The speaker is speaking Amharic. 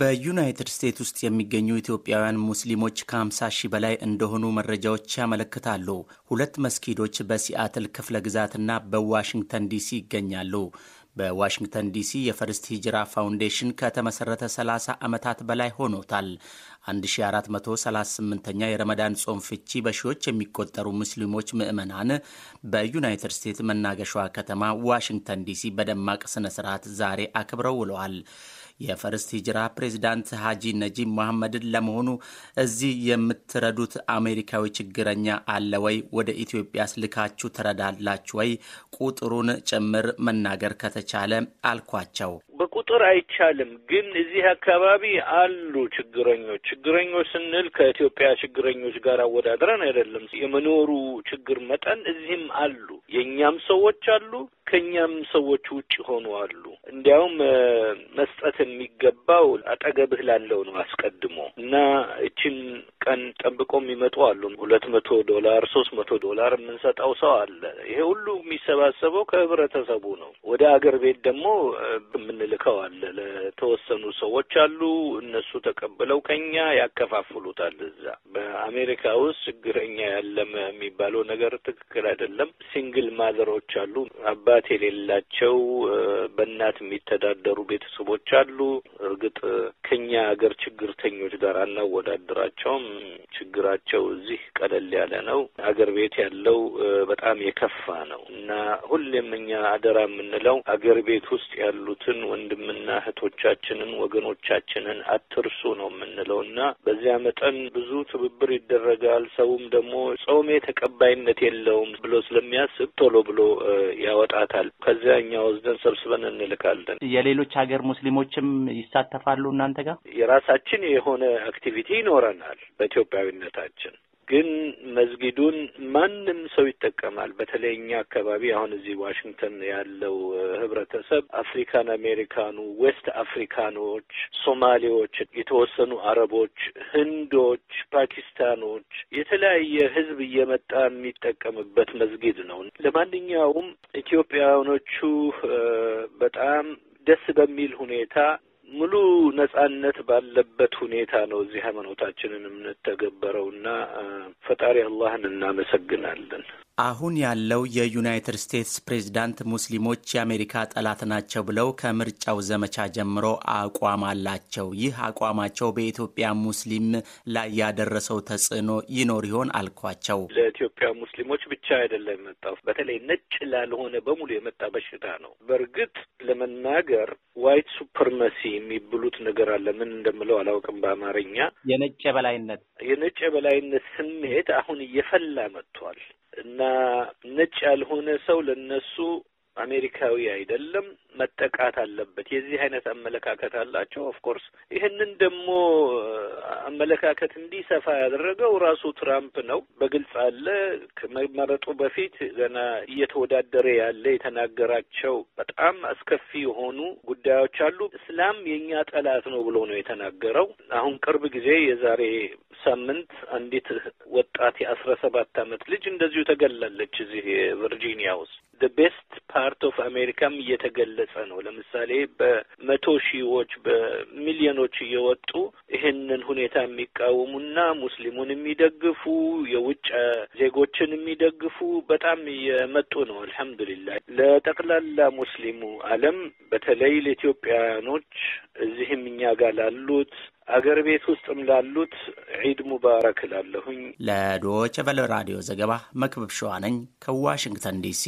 በዩናይትድ ስቴትስ ውስጥ የሚገኙ ኢትዮጵያውያን ሙስሊሞች ከ50 ሺህ በላይ እንደሆኑ መረጃዎች ያመለክታሉ። ሁለት መስጊዶች በሲያትል ክፍለ ግዛትና በዋሽንግተን ዲሲ ይገኛሉ። በዋሽንግተን ዲሲ የፈርስት ሂጅራ ፋውንዴሽን ከተመሠረተ 30 ዓመታት በላይ ሆኖታል። 1438ኛ የረመዳን ጾም ፍቺ በሺዎች የሚቆጠሩ ሙስሊሞች ምዕመናን በዩናይትድ ስቴትስ መናገሿ ከተማ ዋሽንግተን ዲሲ በደማቅ ስነ ስርዓት ዛሬ አክብረው ውለዋል። የፈርስት ሂጅራ ፕሬዚዳንት ሀጂ ነጂብ መሐመድን ለመሆኑ እዚህ የምትረዱት አሜሪካዊ ችግረኛ አለ ወይ? ወደ ኢትዮጵያ ስልካችሁ ትረዳላችሁ ወይ? ቁጥሩን ጭምር መናገር ከተቻለ አልኳቸው። በቁጥር አይቻልም፣ ግን እዚህ አካባቢ አሉ ችግረኞች። ችግረኞች ስንል ከኢትዮጵያ ችግረኞች ጋር አወዳድረን አይደለም። የመኖሩ ችግር መጠን እዚህም አሉ። የእኛም ሰዎች አሉ፣ ከእኛም ሰዎች ውጭ ሆኑ አሉ። እንዲያውም መስጠት የሚገባው አጠገብህ ላለው ነው አስቀድሞ እና እችን ቀን ጠብቆ የሚመጡ አሉ። ሁለት መቶ ዶላር ሶስት መቶ ዶላር የምንሰጠው ሰው አለ። ይሄ ሁሉ የሚሰባሰበው ከህብረተሰቡ ነው። ወደ አገር ቤት ደግሞ የምንልከው አለ። ለተወሰኑ ሰዎች አሉ። እነሱ ተቀብለው ከኛ ያከፋፍሉታል። እዛ በአሜሪካ ውስጥ ችግረኛ ያለም የሚባለው ነገር ትክክል አይደለም። ሲንግል ማዘሮች አሉ፣ አባት የሌላቸው በእናት የሚተዳደሩ ቤተሰቦች አሉ። እርግጥ ከኛ ሀገር ችግርተኞች ጋር አናወዳድራቸውም። the mm. ችግራቸው እዚህ ቀለል ያለ ነው። አገር ቤት ያለው በጣም የከፋ ነው እና ሁሌም እኛ አደራ የምንለው አገር ቤት ውስጥ ያሉትን ወንድምና እህቶቻችንን ወገኖቻችንን አትርሱ ነው የምንለው እና በዚያ መጠን ብዙ ትብብር ይደረጋል። ሰውም ደግሞ ጾሜ ተቀባይነት የለውም ብሎ ስለሚያስብ ቶሎ ብሎ ያወጣታል። ከዚያ እኛ ወስደን ሰብስበን እንልካለን። የሌሎች ሀገር ሙስሊሞችም ይሳተፋሉ እናንተ ጋር የራሳችን የሆነ አክቲቪቲ ይኖረናል። በኢትዮጵያዊነት ቤታችን ግን መስጊዱን ማንም ሰው ይጠቀማል። በተለይ እኛ አካባቢ አሁን እዚህ ዋሽንግተን ያለው ህብረተሰብ አፍሪካን አሜሪካኑ፣ ዌስት አፍሪካኖች፣ ሶማሌዎች፣ የተወሰኑ አረቦች፣ ህንዶች፣ ፓኪስታኖች የተለያየ ህዝብ እየመጣ የሚጠቀምበት መስጊድ ነው። ለማንኛውም ኢትዮጵያኖቹ በጣም ደስ በሚል ሁኔታ ሙሉ ነጻነት ባለበት ሁኔታ ነው እዚህ ሃይማኖታችንን እና ፈጣሪ አላህን እናመሰግናለን። አሁን ያለው የዩናይትድ ስቴትስ ፕሬዝዳንት ሙስሊሞች የአሜሪካ ጠላት ናቸው ብለው ከምርጫው ዘመቻ ጀምሮ አቋም አላቸው። ይህ አቋማቸው በኢትዮጵያ ሙስሊም ላይ ያደረሰው ተጽዕኖ ይኖር ይሆን አልኳቸው። ለኢትዮጵያ ሙስሊሞች ብቻ አይደለም የመጣው፣ በተለይ ነጭ ላልሆነ በሙሉ የመጣ በሽታ ነው። በእርግጥ ለመናገር ዋይት ሱፐርመሲ የሚብሉት ነገር አለ። ምን እንደምለው አላውቅም በአማርኛ። የነጭ የበላይነት የነጭ የበላይነት ስሜት አሁን እየፈላ መጥቷል። እና ነጭ ያልሆነ ሰው ለነሱ አሜሪካዊ አይደለም፣ መጠቃት አለበት። የዚህ አይነት አመለካከት አላቸው። ኦፍኮርስ ይህንን ደግሞ አመለካከት እንዲሰፋ ያደረገው ራሱ ትራምፕ ነው። በግልጽ አለ። ከመመረጡ በፊት ገና እየተወዳደረ ያለ የተናገራቸው በጣም አስከፊ የሆኑ ጉዳዮች አሉ። እስላም የእኛ ጠላት ነው ብሎ ነው የተናገረው። አሁን ቅርብ ጊዜ የዛሬ ሳምንት አንዲት ወጣት የአስራ ሰባት አመት ልጅ እንደዚሁ ተገላለች እዚህ ቨርጂኒያ ውስጥ። ደ ቤስት ፓርት ኦፍ አሜሪካም እየተገለጸ ነው። ለምሳሌ በመቶ ሺዎች በሚሊዮኖች እየወጡ ይህንን ሁኔታ የሚቃወሙና ሙስሊሙን የሚደግፉ የውጭ ዜጎችን የሚደግፉ በጣም እየመጡ ነው። አልሐምዱሊላህ ለጠቅላላ ሙስሊሙ ዓለም በተለይ ለኢትዮጵያኖች እዚህም እኛ ጋር ላሉት አገር ቤት ውስጥም ላሉት ዒድ ሙባረክ እላለሁኝ። ለዶቸቨለ ራዲዮ ዘገባ መክበብ ሸዋነኝ ከዋሽንግተን ዲሲ